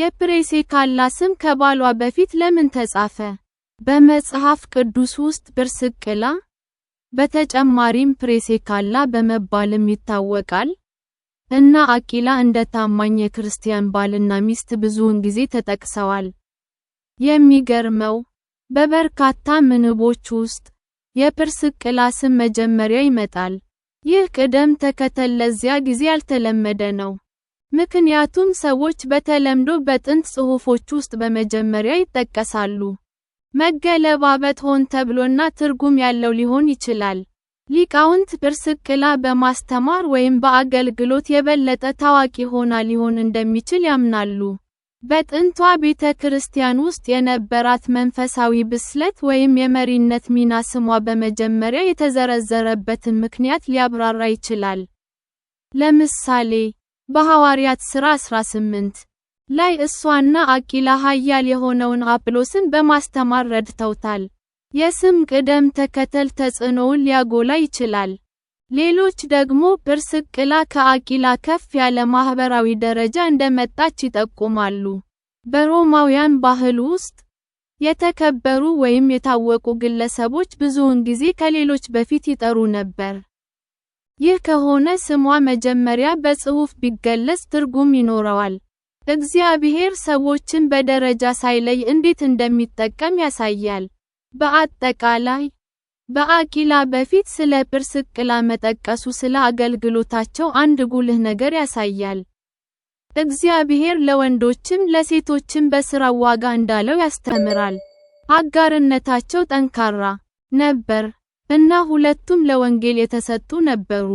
የፕሬሴካላ ስም ከባሏ በፊት ለምን ተጻፈ? በመጽሐፍ ቅዱስ ውስጥ ጵርስቅላ፣ በተጨማሪም ፕሬሴካላ በመባልም ይታወቃል፣ እና አቂላ እንደ ታማኝ የክርስቲያን ባልና ሚስት ብዙውን ጊዜ ተጠቅሰዋል። የሚገርመው፣ በበርካታ ምንቦች ውስጥ የፕርስቅላ ስም መጀመሪያ ይመጣል። ይህ ቅደም ተከተል ለዚያ ጊዜ ያልተለመደ ነው። ምክንያቱም ሰዎች በተለምዶ በጥንት ጽሑፎች ውስጥ በመጀመሪያ ይጠቀሳሉ። መገለባበጥ ሆን ተብሎና ትርጉም ያለው ሊሆን ይችላል። ሊቃውንት ድርስቅላ በማስተማር ወይም በአገልግሎት የበለጠ ታዋቂ ሆና ሊሆን እንደሚችል ያምናሉ። በጥንቷ ቤተ ክርስቲያን ውስጥ የነበራት መንፈሳዊ ብስለት ወይም የመሪነት ሚና ስሟ በመጀመሪያ የተዘረዘረበትን ምክንያት ሊያብራራ ይችላል። ለምሳሌ በሐዋርያት ሥራ 18 ላይ እሷና አቂላ ኃያል የሆነውን አጵሎስን በማስተማር ረድተውታል። የስም ቅደም ተከተል ተጽዕኖውን ሊያጎላ ይችላል። ሌሎች ደግሞ ጵርስቅላ ከአቂላ ከፍ ያለ ማኅበራዊ ደረጃ እንደመጣች ይጠቁማሉ። በሮማውያን ባህል ውስጥ የተከበሩ ወይም የታወቁ ግለሰቦች ብዙውን ጊዜ ከሌሎች በፊት ይጠሩ ነበር። ይህ ከሆነ ስሟ መጀመሪያ በጽሑፍ ቢገለጽ ትርጉም ይኖረዋል። እግዚአብሔር ሰዎችን በደረጃ ሳይለይ እንዴት እንደሚጠቀም ያሳያል። በአጠቃላይ፣ በአቂላ በፊት ስለ ጵርስቅላ መጠቀሱ ስለ አገልግሎታቸው አንድ ጉልህ ነገር ያሳያል። እግዚአብሔር ለወንዶችም ለሴቶችም በሥራው ዋጋ እንዳለው ያስተምራል። አጋርነታቸው ጠንካራ ነበር። እና ሁለቱም ለወንጌል የተሰጡ ነበሩ።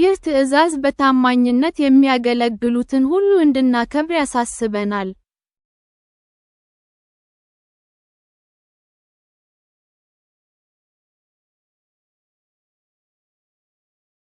ይህ ትዕዛዝ በታማኝነት የሚያገለግሉትን ሁሉ እንድናከብር ያሳስበናል።